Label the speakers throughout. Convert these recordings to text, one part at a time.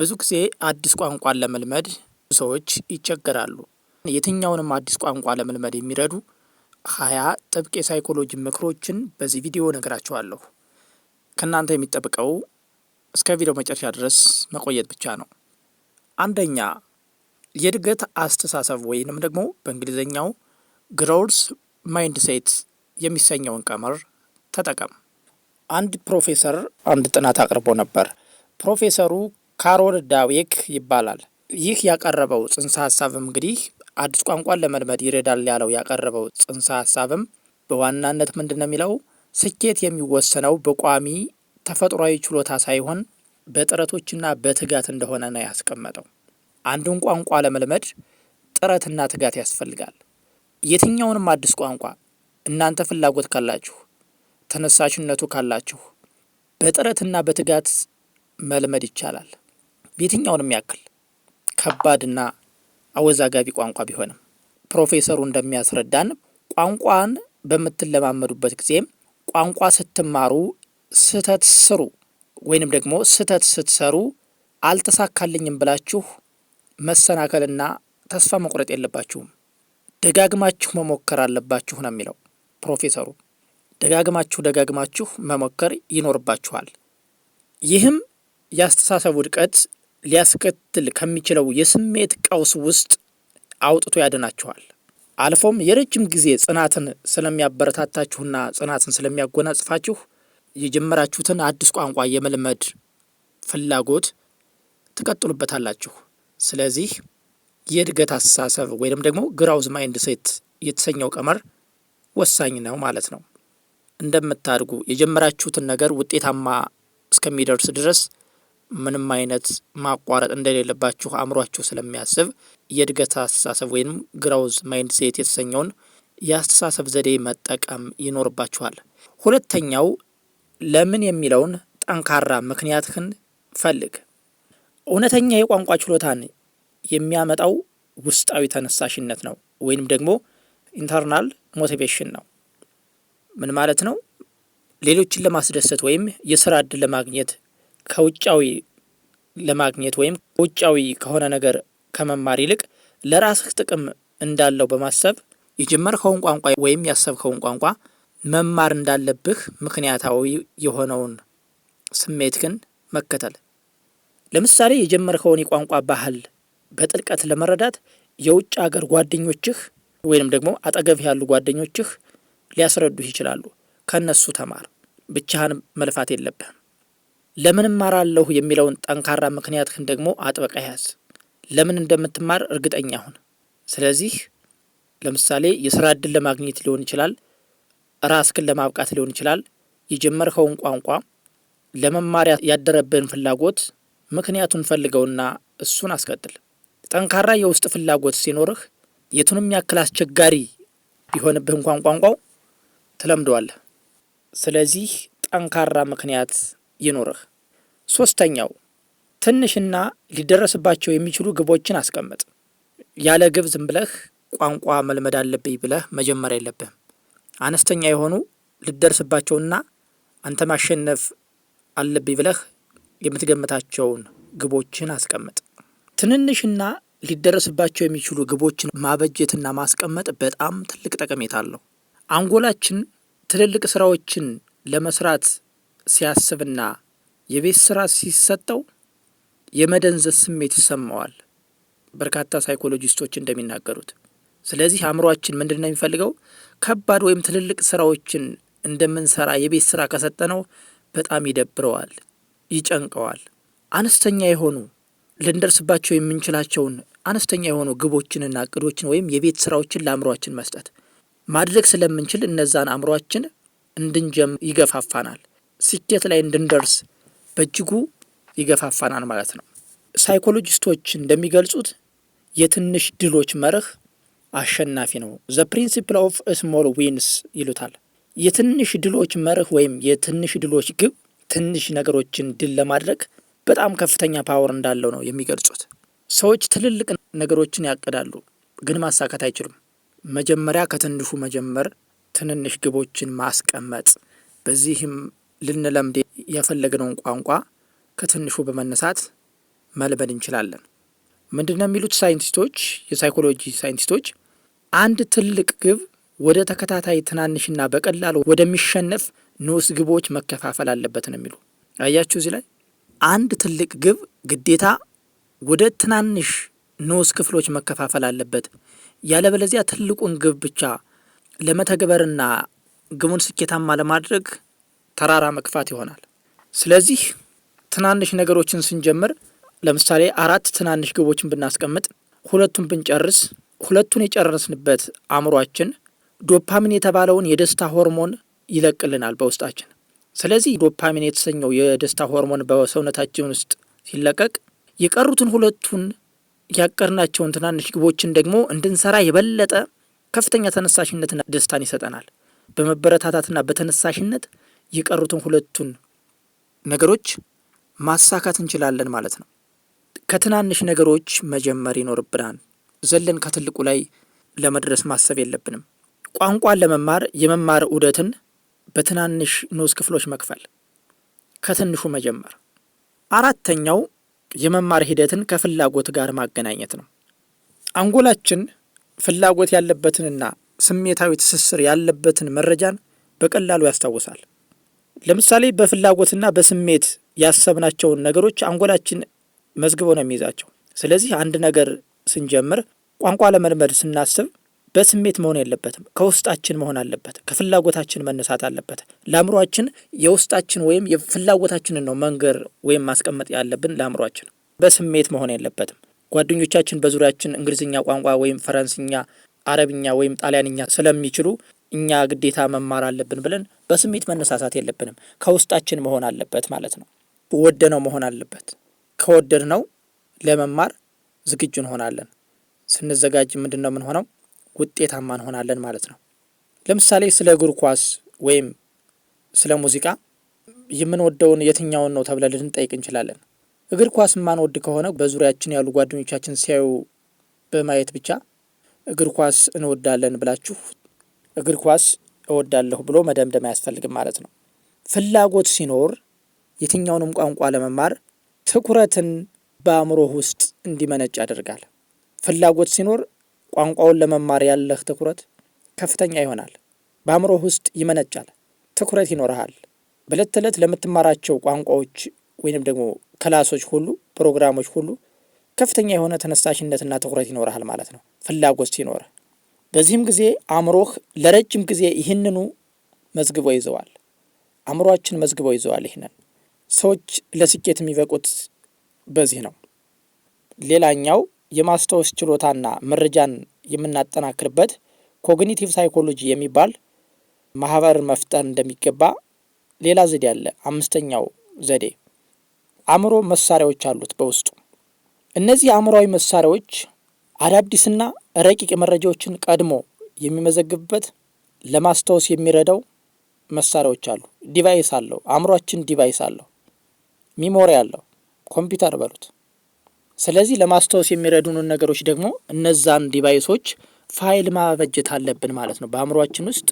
Speaker 1: ብዙ ጊዜ አዲስ ቋንቋን ለመልመድ ሰዎች ይቸገራሉ። የትኛውንም አዲስ ቋንቋ ለመልመድ የሚረዱ ሀያ ጥብቅ የሳይኮሎጂ ምክሮችን በዚህ ቪዲዮ እነግራችኋለሁ። ከእናንተ የሚጠብቀው እስከ ቪዲዮ መጨረሻ ድረስ መቆየት ብቻ ነው። አንደኛ የእድገት አስተሳሰብ ወይንም ደግሞ በእንግሊዝኛው ግሮውስ ማይንድሴት የሚሰኘውን ቀመር ተጠቀም። አንድ ፕሮፌሰር አንድ ጥናት አቅርቦ ነበር። ፕሮፌሰሩ ካሮል ዳዌክ ይባላል። ይህ ያቀረበው ጽንሰ ሀሳብም እንግዲህ አዲስ ቋንቋን ለመልመድ ይረዳል ያለው ያቀረበው ጽንሰ ሀሳብም በዋናነት ምንድን ነው የሚለው ስኬት የሚወሰነው በቋሚ ተፈጥሯዊ ችሎታ ሳይሆን በጥረቶችና በትጋት እንደሆነ ነው ያስቀመጠው። አንዱን ቋንቋ ለመልመድ ጥረትና ትጋት ያስፈልጋል። የትኛውንም አዲስ ቋንቋ እናንተ ፍላጎት ካላችሁ፣ ተነሳሽነቱ ካላችሁ በጥረትና በትጋት መልመድ ይቻላል። የትኛውንም ያክል ከባድና አወዛጋቢ ቋንቋ ቢሆንም ፕሮፌሰሩ እንደሚያስረዳን ቋንቋን በምትለማመዱበት ጊዜም ቋንቋ ስትማሩ ስህተት ስሩ ወይንም ደግሞ ስህተት ስትሰሩ አልተሳካልኝም ብላችሁ መሰናከልና ተስፋ መቁረጥ የለባችሁም። ደጋግማችሁ መሞከር አለባችሁ ነው የሚለው ፕሮፌሰሩ። ደጋግማችሁ ደጋግማችሁ መሞከር ይኖርባችኋል። ይህም የአስተሳሰብ ውድቀት ሊያስከትል ከሚችለው የስሜት ቀውስ ውስጥ አውጥቶ ያድናችኋል። አልፎም የረጅም ጊዜ ጽናትን ስለሚያበረታታችሁና ጽናትን ስለሚያጎናጽፋችሁ የጀመራችሁትን አዲስ ቋንቋ የመልመድ ፍላጎት ትቀጥሉበታላችሁ። ስለዚህ የእድገት አስተሳሰብ ወይም ደግሞ ግራውዝ ማይንድ ሴት የተሰኘው ቀመር ወሳኝ ነው ማለት ነው። እንደምታድጉ የጀመራችሁትን ነገር ውጤታማ እስከሚደርስ ድረስ ምንም አይነት ማቋረጥ እንደሌለባችሁ አእምሯችሁ ስለሚያስብ የእድገት አስተሳሰብ ወይም ግራውዝ ማይንድሴት የተሰኘውን የአስተሳሰብ ዘዴ መጠቀም ይኖርባችኋል። ሁለተኛው ለምን የሚለውን ጠንካራ ምክንያትህን ፈልግ። እውነተኛ የቋንቋ ችሎታን የሚያመጣው ውስጣዊ ተነሳሽነት ነው ወይም ደግሞ ኢንተርናል ሞቲቬሽን ነው። ምን ማለት ነው? ሌሎችን ለማስደሰት ወይም የስራ እድል ለማግኘት ከውጫዊ ለማግኘት ወይም ውጫዊ ከሆነ ነገር ከመማር ይልቅ ለራስህ ጥቅም እንዳለው በማሰብ የጀመርከውን ቋንቋ ወይም ያሰብከውን ቋንቋ መማር እንዳለብህ ምክንያታዊ የሆነውን ስሜት ግን መከተል። ለምሳሌ የጀመርከውን የቋንቋ ባህል በጥልቀት ለመረዳት የውጭ አገር ጓደኞችህ ወይንም ደግሞ አጠገብህ ያሉ ጓደኞችህ ሊያስረዱህ ይችላሉ። ከነሱ ተማር። ብቻህን መልፋት የለብህም። ለምን እማራለሁ የሚለውን ጠንካራ ምክንያትህን ደግሞ አጥበቃ ያዝ። ለምን እንደምትማር እርግጠኛ ሁን። ስለዚህ ለምሳሌ የስራ እድል ለማግኘት ሊሆን ይችላል፣ ራስክን ለማብቃት ሊሆን ይችላል። የጀመርከውን ቋንቋ ለመማሪያ ያደረብህን ፍላጎት ምክንያቱን ፈልገውና እሱን አስቀጥል። ጠንካራ የውስጥ ፍላጎት ሲኖርህ የቱንም ያክል አስቸጋሪ ቢሆንብህ እንኳን ቋንቋው ትለምደዋለህ። ስለዚህ ጠንካራ ምክንያት ይኖርህ። ሶስተኛው ትንሽና ሊደረስባቸው የሚችሉ ግቦችን አስቀምጥ። ያለ ግብ ዝም ብለህ ቋንቋ መልመድ አለብኝ ብለህ መጀመር የለብህም። አነስተኛ የሆኑ ልደርስባቸውና አንተ ማሸነፍ አለብኝ ብለህ የምትገምታቸውን ግቦችን አስቀምጥ። ትንንሽና ሊደረስባቸው የሚችሉ ግቦችን ማበጀትና ማስቀመጥ በጣም ትልቅ ጠቀሜታ አለው። አንጎላችን ትልልቅ ስራዎችን ለመስራት ሲያስብና የቤት ስራ ሲሰጠው የመደንዘዝ ስሜት ይሰማዋል፣ በርካታ ሳይኮሎጂስቶች እንደሚናገሩት። ስለዚህ አእምሯችን ምንድን ነው የሚፈልገው? ከባድ ወይም ትልልቅ ስራዎችን እንደምንሰራ የቤት ስራ ከሰጠነው በጣም ይደብረዋል፣ ይጨንቀዋል። አነስተኛ የሆኑ ልንደርስባቸው የምንችላቸውን አነስተኛ የሆኑ ግቦችንና እቅዶችን ወይም የቤት ስራዎችን ለአእምሯችን መስጠት ማድረግ ስለምንችል እነዛን አእምሯችን እንድንጀም ይገፋፋናል። ስኬት ላይ እንድንደርስ በእጅጉ ይገፋፋናል ማለት ነው። ሳይኮሎጂስቶች እንደሚገልጹት የትንሽ ድሎች መርህ አሸናፊ ነው። ዘ ፕሪንሲፕል ኦፍ ስሞል ዊንስ ይሉታል። የትንሽ ድሎች መርህ ወይም የትንሽ ድሎች ግብ ትንሽ ነገሮችን ድል ለማድረግ በጣም ከፍተኛ ፓወር እንዳለው ነው የሚገልጹት። ሰዎች ትልልቅ ነገሮችን ያቅዳሉ፣ ግን ማሳካት አይችሉም። መጀመሪያ ከትንሹ መጀመር፣ ትንንሽ ግቦችን ማስቀመጥ፣ በዚህም ልንለምድ የፈለግነውን ቋንቋ ከትንሹ በመነሳት መልመድ እንችላለን። ምንድነው የሚሉት ሳይንቲስቶች፣ የሳይኮሎጂ ሳይንቲስቶች አንድ ትልቅ ግብ ወደ ተከታታይ ትናንሽና በቀላሉ ወደሚሸነፍ ንዑስ ግቦች መከፋፈል አለበት ነው የሚሉ። አያችሁ እዚህ ላይ አንድ ትልቅ ግብ ግዴታ ወደ ትናንሽ ንዑስ ክፍሎች መከፋፈል አለበት። ያለበለዚያ ትልቁን ግብ ብቻ ለመተግበርና ግቡን ስኬታማ ለማድረግ ተራራ መግፋት ይሆናል። ስለዚህ ትናንሽ ነገሮችን ስንጀምር ለምሳሌ አራት ትናንሽ ግቦችን ብናስቀምጥ ሁለቱን ብንጨርስ ሁለቱን የጨረስንበት አእምሯችን ዶፓሚን የተባለውን የደስታ ሆርሞን ይለቅልናል በውስጣችን። ስለዚህ ዶፓሚን የተሰኘው የደስታ ሆርሞን በሰውነታችን ውስጥ ሲለቀቅ የቀሩትን ሁለቱን ያቀርናቸውን ትናንሽ ግቦችን ደግሞ እንድንሰራ የበለጠ ከፍተኛ ተነሳሽነትና ደስታን ይሰጠናል። በመበረታታትና በተነሳሽነት የቀሩትን ሁለቱን ነገሮች ማሳካት እንችላለን ማለት ነው። ከትናንሽ ነገሮች መጀመር ይኖርብናል። ዘለን ከትልቁ ላይ ለመድረስ ማሰብ የለብንም። ቋንቋን ለመማር የመማር ዑደትን በትናንሽ ንዑስ ክፍሎች መክፈል፣ ከትንሹ መጀመር። አራተኛው የመማር ሂደትን ከፍላጎት ጋር ማገናኘት ነው። አንጎላችን ፍላጎት ያለበትንና ስሜታዊ ትስስር ያለበትን መረጃን በቀላሉ ያስታውሳል። ለምሳሌ በፍላጎትና በስሜት ያሰብናቸውን ነገሮች አንጎላችን መዝግቦ ነው የሚይዛቸው። ስለዚህ አንድ ነገር ስንጀምር ቋንቋ ለመልመድ ስናስብ በስሜት መሆን የለበትም። ከውስጣችን መሆን አለበት። ከፍላጎታችን መነሳት አለበት። ለአእምሯችን የውስጣችን ወይም የፍላጎታችንን ነው መንገር ወይም ማስቀመጥ ያለብን ለአእምሯችን፣ በስሜት መሆን የለበትም። ጓደኞቻችን በዙሪያችን እንግሊዝኛ ቋንቋ ወይም ፈረንስኛ፣ አረብኛ ወይም ጣሊያንኛ ስለሚችሉ እኛ ግዴታ መማር አለብን ብለን በስሜት መነሳሳት የለብንም። ከውስጣችን መሆን አለበት ማለት ነው። ወደነው መሆን አለበት። ከወደድነው ለመማር ዝግጁ እንሆናለን። ስንዘጋጅ ምንድን ነው የምንሆነው? ውጤታማ እንሆናለን ማለት ነው። ለምሳሌ ስለ እግር ኳስ ወይም ስለ ሙዚቃ የምንወደውን የትኛውን ነው ተብለን ልንጠይቅ እንችላለን። እግር ኳስ የማንወድ ከሆነ በዙሪያችን ያሉ ጓደኞቻችን ሲያዩ በማየት ብቻ እግር ኳስ እንወዳለን ብላችሁ እግር ኳስ እወዳለሁ ብሎ መደምደም አያስፈልግም ማለት ነው። ፍላጎት ሲኖር የትኛውንም ቋንቋ ለመማር ትኩረትን በአእምሮህ ውስጥ እንዲመነጭ ያደርጋል። ፍላጎት ሲኖር ቋንቋውን ለመማር ያለህ ትኩረት ከፍተኛ ይሆናል። በአእምሮህ ውስጥ ይመነጫል፣ ትኩረት ይኖርሃል። በዕለት ተዕለት ለምትማራቸው ቋንቋዎች ወይንም ደግሞ ክላሶች ሁሉ ፕሮግራሞች ሁሉ ከፍተኛ የሆነ ተነሳሽነትና ትኩረት ይኖርሃል ማለት ነው ፍላጎት ሲኖር በዚህም ጊዜ አእምሮህ ለረጅም ጊዜ ይህንኑ መዝግበው ይዘዋል። አእምሮችን መዝግበው ይዘዋል። ይህንን ሰዎች ለስኬት የሚበቁት በዚህ ነው። ሌላኛው የማስታወስ ችሎታና መረጃን የምናጠናክርበት ኮግኒቲቭ ሳይኮሎጂ የሚባል ማህበር መፍጠር እንደሚገባ ሌላ ዘዴ አለ። አምስተኛው ዘዴ አእምሮ መሳሪያዎች አሉት በውስጡ። እነዚህ አእምሮዊ መሳሪያዎች አዳዲስና ረቂቅ መረጃዎችን ቀድሞ የሚመዘግብበት ለማስታወስ የሚረዳው መሳሪያዎች አሉ። ዲቫይስ አለው። አእምሯችን ዲቫይስ አለው። ሚሞሪ አለው። ኮምፒውተር በሉት። ስለዚህ ለማስታወስ የሚረዱንን ነገሮች ደግሞ እነዛን ዲቫይሶች ፋይል ማበጀት አለብን ማለት ነው። በአእምሯችን ውስጥ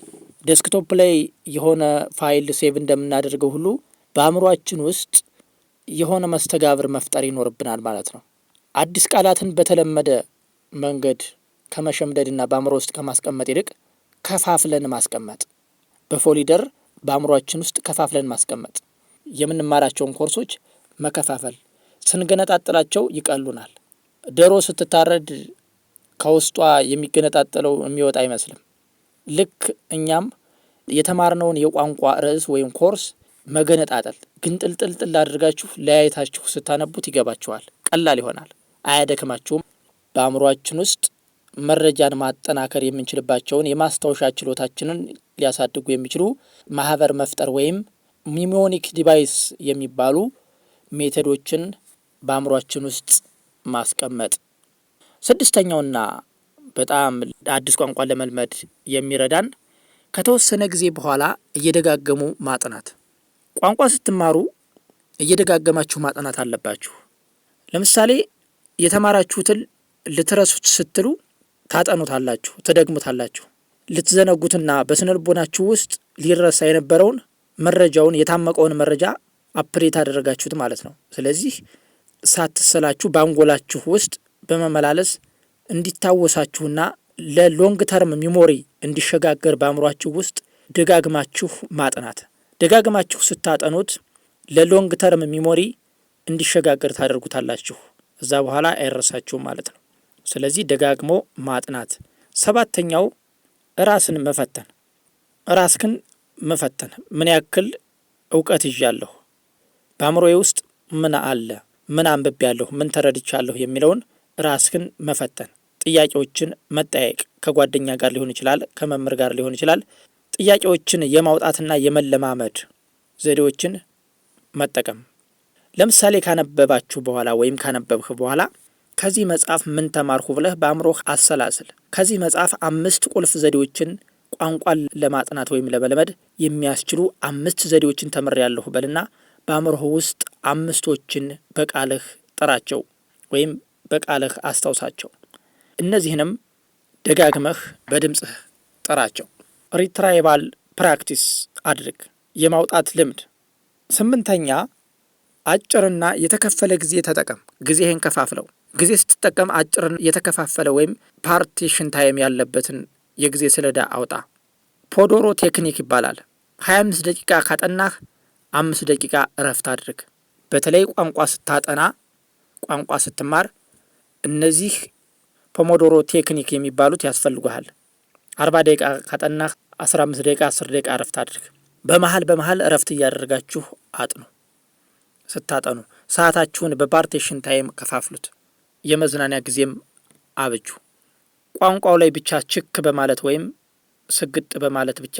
Speaker 1: ዴስክቶፕ ላይ የሆነ ፋይል ሴቭ እንደምናደርገው ሁሉ በአእምሯችን ውስጥ የሆነ መስተጋብር መፍጠር ይኖርብናል ማለት ነው። አዲስ ቃላትን በተለመደ መንገድ ከመሸምደድና በአእምሮ ውስጥ ከማስቀመጥ ይልቅ ከፋፍለን ማስቀመጥ በፎሊደር በአእምሯችን ውስጥ ከፋፍለን ማስቀመጥ የምንማራቸውን ኮርሶች መከፋፈል ስንገነጣጥላቸው ይቀሉናል። ዶሮ ስትታረድ ከውስጧ የሚገነጣጠለው የሚወጣ አይመስልም። ልክ እኛም የተማርነውን የቋንቋ ርዕስ ወይም ኮርስ መገነጣጠል ግንጥልጥልጥል አድርጋችሁ ለያየታችሁ ስታነቡት ይገባችኋል። ቀላል ይሆናል፣ አያደክማችሁም። በአእምሯችን ውስጥ መረጃን ማጠናከር የምንችልባቸውን የማስታወሻ ችሎታችንን ሊያሳድጉ የሚችሉ ማህበር መፍጠር ወይም ሚሞኒክ ዲቫይስ የሚባሉ ሜቶዶችን በአእምሯችን ውስጥ ማስቀመጥ። ስድስተኛውና በጣም አዲስ ቋንቋን ለመልመድ የሚረዳን ከተወሰነ ጊዜ በኋላ እየደጋገሙ ማጥናት። ቋንቋ ስትማሩ እየደጋገማችሁ ማጥናት አለባችሁ። ለምሳሌ የተማራችሁትን ልትረሱት ስትሉ ታጠኑታላችሁ፣ ትደግሙታላችሁ። ልትዘነጉትና በስነልቦናችሁ ውስጥ ሊረሳ የነበረውን መረጃውን የታመቀውን መረጃ አፕዴት አደረጋችሁት ማለት ነው። ስለዚህ ሳትሰላችሁ በአንጎላችሁ ውስጥ በመመላለስ እንዲታወሳችሁና ለሎንግ ተርም ሚሞሪ እንዲሸጋገር በአእምሯችሁ ውስጥ ደጋግማችሁ ማጥናት። ደጋግማችሁ ስታጠኑት ለሎንግ ተርም ሚሞሪ እንዲሸጋገር ታደርጉታላችሁ። እዛ በኋላ አይረሳችሁም ማለት ነው። ስለዚህ ደጋግሞ ማጥናት። ሰባተኛው ራስን መፈተን፣ ራስክን መፈተን። ምን ያክል እውቀት ይዣለሁ፣ በአእምሮዬ ውስጥ ምን አለ፣ ምን አንብቤያለሁ፣ ምን ተረድቻለሁ የሚለውን ራስክን መፈተን፣ ጥያቄዎችን መጠያየቅ። ከጓደኛ ጋር ሊሆን ይችላል፣ ከመምህር ጋር ሊሆን ይችላል። ጥያቄዎችን የማውጣትና የመለማመድ ዘዴዎችን መጠቀም። ለምሳሌ ካነበባችሁ በኋላ ወይም ካነበብህ በኋላ ከዚህ መጽሐፍ ምን ተማርኩ ብለህ በአእምሮህ አሰላስል። ከዚህ መጽሐፍ አምስት ቁልፍ ዘዴዎችን ቋንቋን ለማጥናት ወይም ለመልመድ የሚያስችሉ አምስት ዘዴዎችን ተምሬያለሁ በልና በአእምሮህ ውስጥ አምስቶችን በቃልህ ጥራቸው ወይም በቃልህ አስታውሳቸው። እነዚህንም ደጋግመህ በድምፅህ ጥራቸው። ሪትራይባል ፕራክቲስ አድርግ፣ የማውጣት ልምድ። ስምንተኛ አጭርና የተከፈለ ጊዜ ተጠቀም። ጊዜህን ከፋፍለው። ጊዜ ስትጠቀም አጭርን የተከፋፈለ ወይም ፓርቲሽን ታይም ያለበትን የጊዜ ሰሌዳ አውጣ። ፖዶሮ ቴክኒክ ይባላል። 25 ደቂቃ ካጠናህ አምስት ደቂቃ እረፍት አድርግ። በተለይ ቋንቋ ስታጠና፣ ቋንቋ ስትማር እነዚህ ፖሞዶሮ ቴክኒክ የሚባሉት ያስፈልጉሃል። አርባ ደቂቃ ካጠናህ 15 ደቂቃ፣ 10 ደቂቃ እረፍት አድርግ። በመሀል በመሀል እረፍት እያደረጋችሁ አጥኑ። ስታጠኑ ሰዓታችሁን በፓርቴሽን ታይም ከፋፍሉት። የመዝናኛ ጊዜም አበጁ። ቋንቋው ላይ ብቻ ችክ በማለት ወይም ስግጥ በማለት ብቻ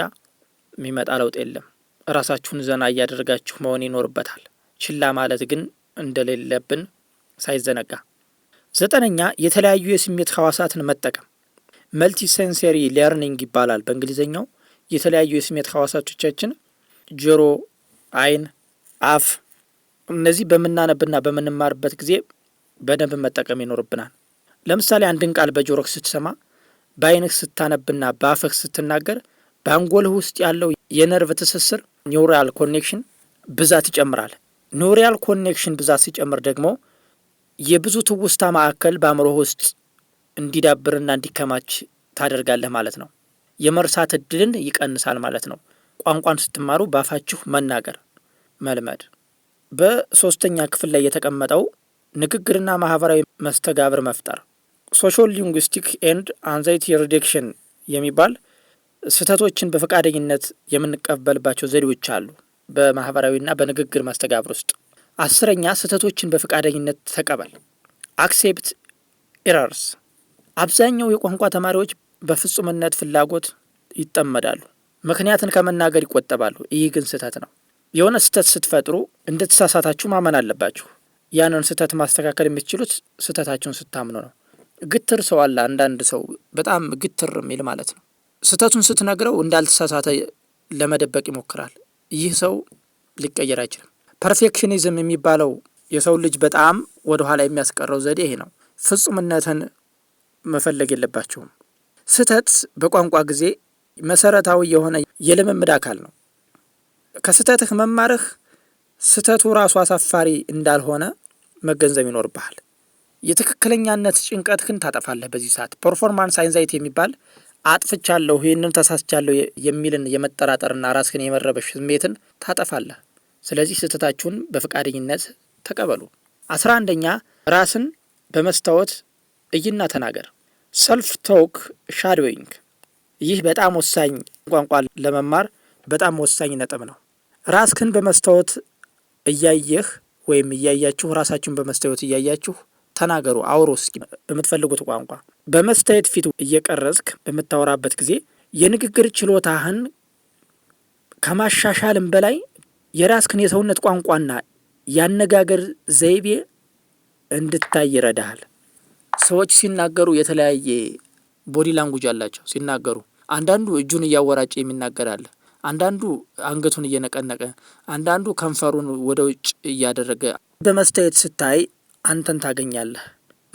Speaker 1: የሚመጣ ለውጥ የለም። ራሳችሁን ዘና እያደረጋችሁ መሆን ይኖርበታል። ችላ ማለት ግን እንደሌለብን ሳይዘነጋ። ዘጠነኛ የተለያዩ የስሜት ሐዋሳትን መጠቀም መልቲ ሴንሰሪ ሌርኒንግ ይባላል በእንግሊዝኛው። የተለያዩ የስሜት ሐዋሳቶቻችን ጆሮ፣ አይን፣ አፍ እነዚህ በምናነብና በምንማርበት ጊዜ በደንብ መጠቀም ይኖርብናል። ለምሳሌ አንድን ቃል በጆሮክ ስትሰማ፣ በአይንህ ስታነብና በአፍህ ስትናገር በአንጎልህ ውስጥ ያለው የነርቭ ትስስር ኒውሪያል ኮኔክሽን ብዛት ይጨምራል። ኒውሪያል ኮኔክሽን ብዛት ሲጨምር ደግሞ የብዙ ትውስታ ማዕከል በአእምሮህ ውስጥ እንዲዳብርና እንዲከማች ታደርጋለህ ማለት ነው። የመርሳት እድልን ይቀንሳል ማለት ነው። ቋንቋን ስትማሩ በአፋችሁ መናገር መልመድ። በሶስተኛ ክፍል ላይ የተቀመጠው ንግግርና ማህበራዊ መስተጋብር መፍጠር ሶሻል ሊንጉስቲክ ኤንድ አንዛይቲ ሪዲክሽን የሚባል ስህተቶችን በፈቃደኝነት የምንቀበልባቸው ዘዴዎች አሉ በማህበራዊና በንግግር መስተጋብር ውስጥ። አስረኛ ስህተቶችን በፈቃደኝነት ተቀበል፣ አክሴፕት ኤረርስ። አብዛኛው የቋንቋ ተማሪዎች በፍጹምነት ፍላጎት ይጠመዳሉ፣ ምክንያትን ከመናገር ይቆጠባሉ። ይህ ግን ስህተት ነው። የሆነ ስህተት ስትፈጥሩ ተሳሳታችሁ ማመን አለባችሁ። ያንን ስህተት ማስተካከል የምትችሉት ስህተታችሁን ስታምኑ ነው። ግትር ሰው አለ፣ አንዳንድ ሰው በጣም ግትር የሚል ማለት ነው። ስህተቱን ስትነግረው እንዳልተሳሳተ ለመደበቅ ይሞክራል። ይህ ሰው ሊቀየር አይችልም። ፐርፌክሽኒዝም የሚባለው የሰው ልጅ በጣም ወደኋላ የሚያስቀረው ዘዴ ይሄ ነው። ፍጹምነትን መፈለግ የለባቸውም። ስህተት በቋንቋ ጊዜ መሰረታዊ የሆነ የልምምድ አካል ነው። ከስህተትህ መማርህ ስህተቱ ራሱ አሳፋሪ እንዳልሆነ መገንዘብ ይኖርብሃል። የትክክለኛነት ጭንቀትህን ታጠፋለህ። በዚህ ሰዓት ፐርፎርማንስ አይንዛይቲ የሚባል አጥፍቻለሁ፣ ይህንን ተሳስቻለሁ የሚልን የመጠራጠርና ራስህን የመረበሽ ስሜትን ታጠፋለህ። ስለዚህ ስህተታችሁን በፈቃደኝነት ተቀበሉ። አስራ አንደኛ ራስን በመስታወት እይና ተናገር። ሰልፍ ቶክ ሻዶዊንግ። ይህ በጣም ወሳኝ ቋንቋ ለመማር በጣም ወሳኝ ነጥብ ነው። ራስህን በመስታወት እያየህ ወይም እያያችሁ ራሳችሁን በመስታወት እያያችሁ ተናገሩ፣ አውሩ እስኪ በምትፈልጉት ቋንቋ። በመስታየት ፊት እየቀረጽክ በምታወራበት ጊዜ የንግግር ችሎታህን ከማሻሻልም በላይ የራስክን የሰውነት ቋንቋና ያነጋገር ዘይቤ እንድታይ ይረዳሃል። ሰዎች ሲናገሩ የተለያየ ቦዲ ላንጉጅ አላቸው። ሲናገሩ አንዳንዱ እጁን እያወራጭ የሚናገር አለ። አንዳንዱ አንገቱን እየነቀነቀ፣ አንዳንዱ ከንፈሩን ወደ ውጭ እያደረገ። በመስተያየት ስታይ አንተን ታገኛለህ።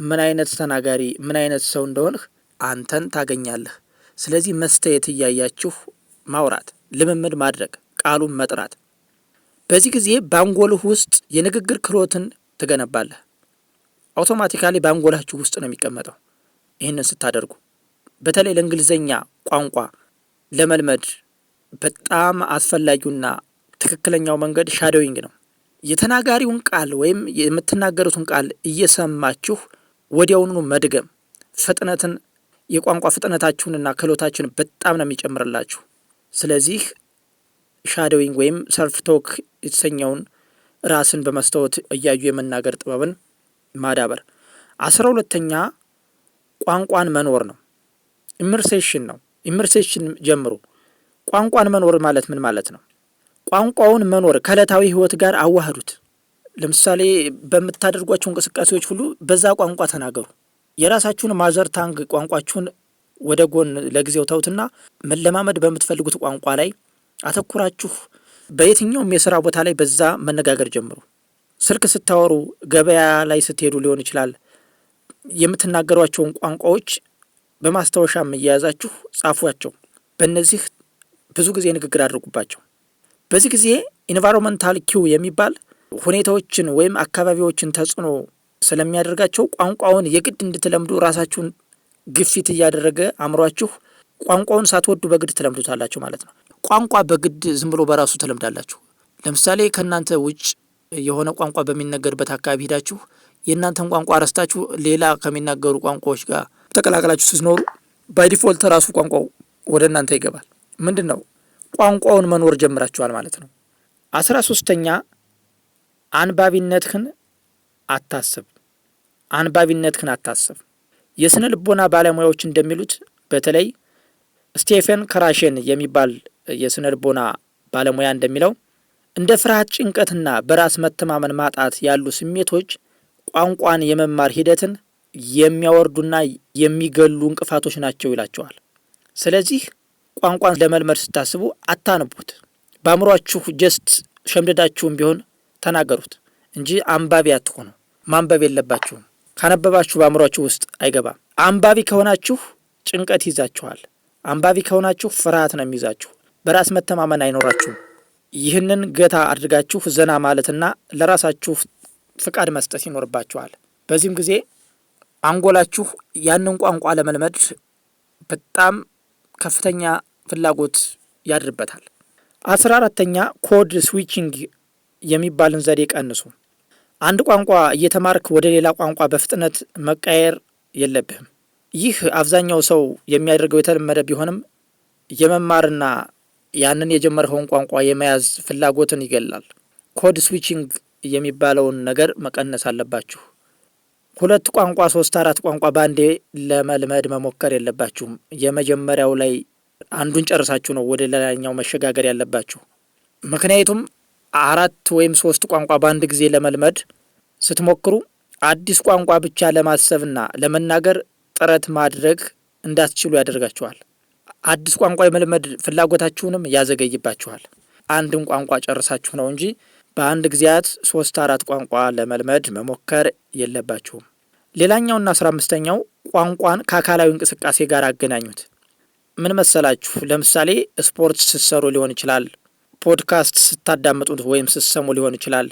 Speaker 1: ምን አይነት ተናጋሪ፣ ምን አይነት ሰው እንደሆንህ አንተን ታገኛለህ። ስለዚህ መስተየት እያያችሁ ማውራት ልምምድ ማድረግ፣ ቃሉን መጥራት። በዚህ ጊዜ በአንጎልህ ውስጥ የንግግር ክህሎትን ትገነባለህ። አውቶማቲካሊ በአንጎላችሁ ውስጥ ነው የሚቀመጠው። ይህንን ስታደርጉ በተለይ ለእንግሊዘኛ ቋንቋ ለመልመድ በጣም አስፈላጊውና ትክክለኛው መንገድ ሻዶዊንግ ነው። የተናጋሪውን ቃል ወይም የምትናገሩትን ቃል እየሰማችሁ ወዲያውኑ መድገም ፍጥነትን የቋንቋ ፍጥነታችሁንና ክህሎታችሁን በጣም ነው የሚጨምርላችሁ። ስለዚህ ሻዶዊንግ ወይም ሰልፍ ቶክ የተሰኘውን ራስን በመስታወት እያዩ የመናገር ጥበብን ማዳበር። አስራ ሁለተኛ ቋንቋን መኖር ነው። ኢምርሴሽን ነው። ኢምርሴሽን ጀምሩ። ቋንቋን መኖር ማለት ምን ማለት ነው? ቋንቋውን መኖር ከእለታዊ ህይወት ጋር አዋህዱት። ለምሳሌ በምታደርጓቸው እንቅስቃሴዎች ሁሉ በዛ ቋንቋ ተናገሩ። የራሳችሁን ማዘር ታንግ ቋንቋችሁን ወደ ጎን ለጊዜው ተውትና መለማመድ በምትፈልጉት ቋንቋ ላይ አተኩራችሁ በየትኛውም የስራ ቦታ ላይ በዛ መነጋገር ጀምሩ። ስልክ ስታወሩ፣ ገበያ ላይ ስትሄዱ ሊሆን ይችላል። የምትናገሯቸውን ቋንቋዎች በማስታወሻም እየያዛችሁ ጻፏቸው። በእነዚህ ብዙ ጊዜ ንግግር አድርጉባቸው። በዚህ ጊዜ ኢንቫይሮመንታል ኪው የሚባል ሁኔታዎችን ወይም አካባቢዎችን ተጽዕኖ ስለሚያደርጋቸው ቋንቋውን የግድ እንድትለምዱ ራሳችሁን ግፊት እያደረገ አእምሯችሁ ቋንቋውን ሳትወዱ በግድ ትለምዱታላችሁ ማለት ነው። ቋንቋ በግድ ዝም ብሎ በራሱ ትለምዳላችሁ። ለምሳሌ ከእናንተ ውጭ የሆነ ቋንቋ በሚነገርበት አካባቢ ሄዳችሁ የእናንተን ቋንቋ ረስታችሁ ሌላ ከሚናገሩ ቋንቋዎች ጋር ተቀላቀላችሁ ስትኖሩ ባይ ዲፎልት ራሱ ቋንቋው ወደ እናንተ ይገባል። ምንድን ነው ቋንቋውን መኖር ጀምራችኋል ማለት ነው። አስራ ሶስተኛ አንባቢነትህን አታስብ አንባቢነትህን አታስብ። የስነ ልቦና ባለሙያዎች እንደሚሉት በተለይ ስቴፈን ከራሼን የሚባል የስነ ልቦና ባለሙያ እንደሚለው እንደ ፍርሃት፣ ጭንቀትና በራስ መተማመን ማጣት ያሉ ስሜቶች ቋንቋን የመማር ሂደትን የሚያወርዱና የሚገሉ እንቅፋቶች ናቸው ይላቸዋል። ስለዚህ ቋንቋን ለመልመድ ስታስቡ አታንቡት። በአእምሯችሁ ጀስት ሸምደዳችሁም ቢሆን ተናገሩት እንጂ አንባቢ አትሆኑ። ማንበብ የለባችሁም። ካነበባችሁ በአእምሯችሁ ውስጥ አይገባም። አንባቢ ከሆናችሁ ጭንቀት ይዛችኋል። አንባቢ ከሆናችሁ ፍርሃት ነው የሚይዛችሁ። በራስ መተማመን አይኖራችሁም። ይህንን ገታ አድርጋችሁ ዘና ማለትና ለራሳችሁ ፍቃድ መስጠት ይኖርባችኋል። በዚህም ጊዜ አንጎላችሁ ያንን ቋንቋ ለመልመድ በጣም ከፍተኛ ፍላጎት ያድርበታል። አስራ አራተኛ ኮድ ስዊቺንግ የሚባልን ዘዴ ቀንሱ። አንድ ቋንቋ እየተማርክ ወደ ሌላ ቋንቋ በፍጥነት መቀየር የለብህም። ይህ አብዛኛው ሰው የሚያደርገው የተለመደ ቢሆንም የመማርና ያንን የጀመርኸውን ቋንቋ የመያዝ ፍላጎትን ይገላል። ኮድ ስዊቺንግ የሚባለውን ነገር መቀነስ አለባችሁ። ሁለት ቋንቋ ሶስት አራት ቋንቋ በአንዴ ለመልመድ መሞከር የለባችሁም። የመጀመሪያው ላይ አንዱን ጨርሳችሁ ነው ወደ ሌላኛው መሸጋገር ያለባችሁ። ምክንያቱም አራት ወይም ሶስት ቋንቋ በአንድ ጊዜ ለመልመድ ስትሞክሩ አዲስ ቋንቋ ብቻ ለማሰብና ለመናገር ጥረት ማድረግ እንዳትችሉ ያደርጋችኋል። አዲስ ቋንቋ የመልመድ ፍላጎታችሁንም ያዘገይባችኋል። አንድን ቋንቋ ጨርሳችሁ ነው እንጂ በአንድ ጊዜያት ሶስት አራት ቋንቋ ለመልመድ መሞከር የለባችሁም። ሌላኛውና አስራ አምስተኛው ቋንቋን ከአካላዊ እንቅስቃሴ ጋር አገናኙት። ምን መሰላችሁ? ለምሳሌ ስፖርት ስትሰሩ ሊሆን ይችላል። ፖድካስት ስታዳምጡት ወይም ስትሰሙ ሊሆን ይችላል።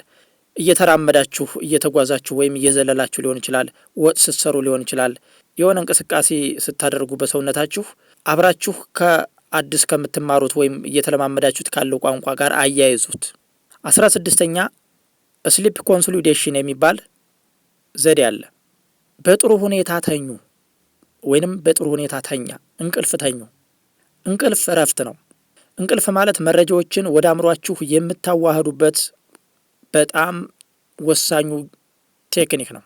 Speaker 1: እየተራመዳችሁ፣ እየተጓዛችሁ ወይም እየዘለላችሁ ሊሆን ይችላል። ወጥ ስትሰሩ ሊሆን ይችላል። የሆነ እንቅስቃሴ ስታደርጉ በሰውነታችሁ አብራችሁ ከአዲስ ከምትማሩት ወይም እየተለማመዳችሁት ካለው ቋንቋ ጋር አያይዙት። አስራ ስድስተኛ ስሊፕ ኮንሶሊዴሽን የሚባል ዘዴ አለ። በጥሩ ሁኔታ ተኙ ወይንም በጥሩ ሁኔታ ተኛ፣ እንቅልፍ ተኙ። እንቅልፍ እረፍት ነው። እንቅልፍ ማለት መረጃዎችን ወደ አእምሯችሁ የምታዋህዱበት በጣም ወሳኙ ቴክኒክ ነው።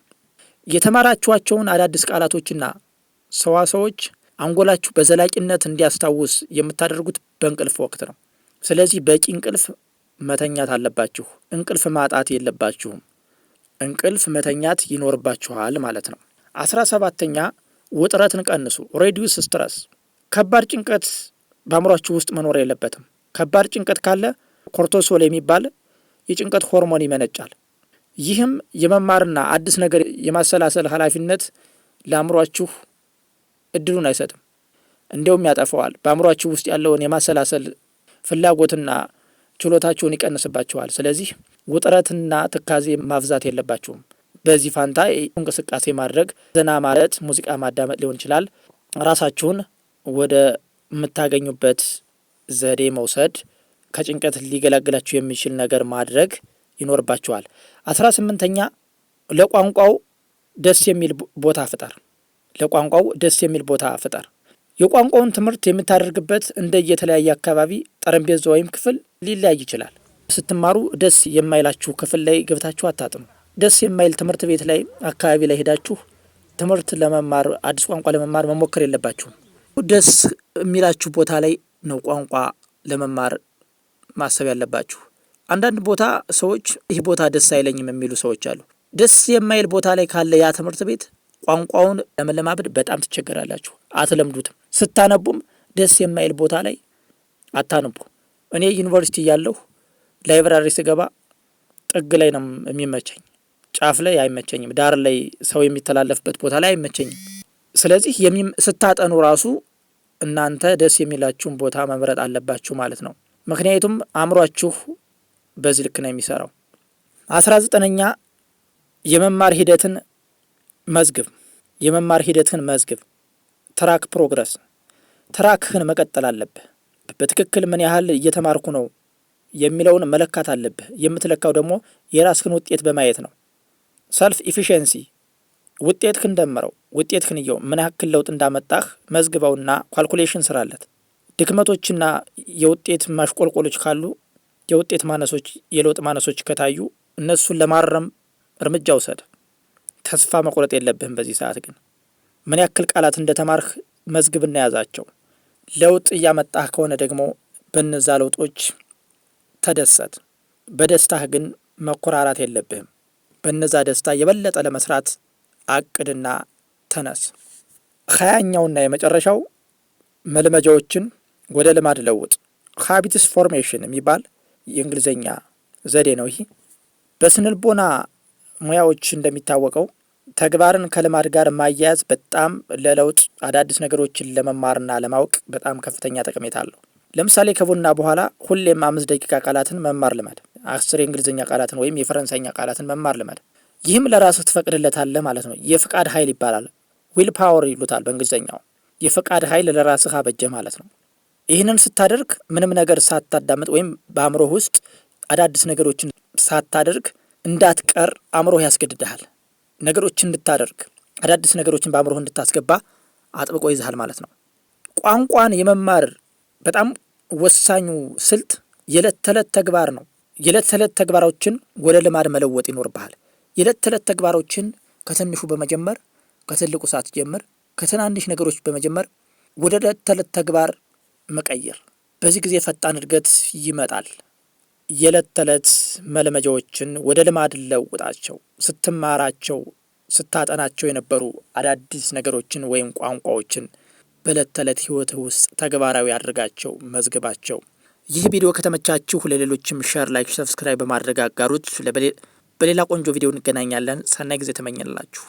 Speaker 1: የተማራችኋቸውን አዳዲስ ቃላቶችና ሰዋሰዎች አንጎላችሁ በዘላቂነት እንዲያስታውስ የምታደርጉት በእንቅልፍ ወቅት ነው። ስለዚህ በቂ እንቅልፍ መተኛት አለባችሁ። እንቅልፍ ማጣት የለባችሁም። እንቅልፍ መተኛት ይኖርባችኋል ማለት ነው። አስራ ሰባተኛ ውጥረትን ቀንሱ። ሬዲዩስ ስትረስ። ከባድ ጭንቀት በአእምሯችሁ ውስጥ መኖር የለበትም። ከባድ ጭንቀት ካለ ኮርቶሶል የሚባል የጭንቀት ሆርሞን ይመነጫል። ይህም የመማርና አዲስ ነገር የማሰላሰል ኃላፊነት ለአእምሯችሁ እድሉን አይሰጥም፣ እንዲያውም ያጠፈዋል። በአእምሯችሁ ውስጥ ያለውን የማሰላሰል ፍላጎትና ችሎታቸውን ይቀንስባቸዋል። ስለዚህ ውጥረትና ትካዜ ማብዛት የለባቸውም። በዚህ ፋንታ እንቅስቃሴ ማድረግ፣ ዘና ማለት፣ ሙዚቃ ማዳመጥ ሊሆን ይችላል። ራሳችሁን ወደ የምታገኙበት ዘዴ መውሰድ፣ ከጭንቀት ሊገላግላችሁ የሚችል ነገር ማድረግ ይኖርባችኋል። አስራ ስምንተኛ ለቋንቋው ደስ የሚል ቦታ ፍጠር። ለቋንቋው ደስ የሚል ቦታ ፍጠር። የቋንቋውን ትምህርት የምታደርግበት እንደ የተለያየ አካባቢ ጠረጴዛ ወይም ክፍል ሊለያይ ይችላል። ስትማሩ ደስ የማይላችሁ ክፍል ላይ ገብታችሁ አታጥኑ። ደስ የማይል ትምህርት ቤት ላይ አካባቢ ላይ ሄዳችሁ ትምህርት ለመማር አዲስ ቋንቋ ለመማር መሞከር የለባችሁም። ደስ የሚላችሁ ቦታ ላይ ነው ቋንቋ ለመማር ማሰብ ያለባችሁ። አንዳንድ ቦታ ሰዎች ይህ ቦታ ደስ አይለኝም የሚሉ ሰዎች አሉ። ደስ የማይል ቦታ ላይ ካለ ያ ትምህርት ቤት ቋንቋውን ለመለማመድ በጣም ትቸገራላችሁ፣ አትለምዱትም። ስታነቡም ደስ የማይል ቦታ ላይ አታነቡም። እኔ ዩኒቨርሲቲ እያለሁ ላይብራሪ ስገባ ጥግ ላይ ነው የሚመቸኝ፣ ጫፍ ላይ አይመቸኝም። ዳር ላይ ሰው የሚተላለፍበት ቦታ ላይ አይመቸኝም። ስለዚህ ስታጠኑ ራሱ እናንተ ደስ የሚላችሁን ቦታ መምረጥ አለባችሁ ማለት ነው። ምክንያቱም አእምሯችሁ በዚህ ልክ ነው የሚሰራው። አስራ ዘጠነኛ የመማር ሂደትን መዝግብ። የመማር ሂደትን መዝግብ። ትራክ ፕሮግረስ፣ ትራክህን መቀጠል አለብህ። በትክክል ምን ያህል እየተማርኩ ነው የሚለውን መለካት አለብህ። የምትለካው ደግሞ የራስህን ውጤት በማየት ነው። ሰልፍ ኢፊሽንሲ ክን ደምረው፣ ክን እየው፣ ምን ያክል ለውጥ እንዳመጣህ መዝግበውና ኳልኩሌሽን ስራለት። ድክመቶችና የውጤት ማሽቆልቆሎች ካሉ የውጤት ማነሶች፣ የለውጥ ማነሶች ከታዩ እነሱን ለማረም እርምጃ ውሰድ። ተስፋ መቁረጥ የለብህም። በዚህ ሰዓት ግን ምን ያክል ቃላት እንደተማርህ መዝግብና ያዛቸው። ለውጥ እያመጣህ ከሆነ ደግሞ በነዛ ለውጦች ተደሰት። በደስታህ ግን መኮራራት የለብህም። በነዛ ደስታ የበለጠ ለመስራት አቅድና ተነስ። ሀያኛውና የመጨረሻው መልመጃዎችን ወደ ልማድ ለውጥ። ሀቢትስ ፎርሜሽን የሚባል የእንግሊዝኛ ዘዴ ነው። ይህ በስነልቦና ሙያዎች እንደሚታወቀው ተግባርን ከልማድ ጋር ማያያዝ በጣም ለለውጥ አዳዲስ ነገሮችን ለመማርና ለማወቅ በጣም ከፍተኛ ጠቀሜታ አለው። ለምሳሌ ከቡና በኋላ ሁሌም አምስት ደቂቃ ቃላትን መማር ልመድ። አስር የእንግሊዝኛ ቃላትን ወይም የፈረንሳይኛ ቃላትን መማር ልመድ። ይህም ለራስህ ትፈቅድለታለህ ማለት ነው። የፍቃድ ኃይል ይባላል። ዊል ፓወር ይሉታል በእንግሊዝኛው። የፍቃድ ኃይል ለራስህ አበጀ ማለት ነው። ይህንን ስታደርግ ምንም ነገር ሳታዳምጥ ወይም በአእምሮህ ውስጥ አዳዲስ ነገሮችን ሳታደርግ እንዳትቀር አእምሮህ ያስገድድሃል። ነገሮችን እንድታደርግ አዳዲስ ነገሮችን በአእምሮህ እንድታስገባ አጥብቆ ይዝሃል ማለት ነው። ቋንቋን የመማር በጣም ወሳኙ ስልት የዕለት ተዕለት ተግባር ነው። የዕለት ተዕለት ተግባሮችን ወደ ልማድ መለወጥ ይኖርብሃል። የዕለት ተዕለት ተግባሮችን ከትንሹ በመጀመር ከትልቁ ሰዓት ጀምር፣ ከትናንሽ ነገሮች በመጀመር ወደ ዕለት ተዕለት ተግባር መቀየር። በዚህ ጊዜ ፈጣን እድገት ይመጣል። የዕለት ተዕለት መልመጃዎችን ወደ ልማድ ለውጣቸው። ስትማራቸው ስታጠናቸው የነበሩ አዳዲስ ነገሮችን ወይም ቋንቋዎችን በዕለት ተዕለት ህይወትህ ውስጥ ተግባራዊ አድርጋቸው፣ መዝግባቸው። ይህ ቪዲዮ ከተመቻችሁ ለሌሎችም ሸር፣ ላይክ፣ ሰብስክራይብ በማድረግ አጋሩት። በሌላ ቆንጆ ቪዲዮ እንገናኛለን። ሰናይ ጊዜ ተመኘላችሁ።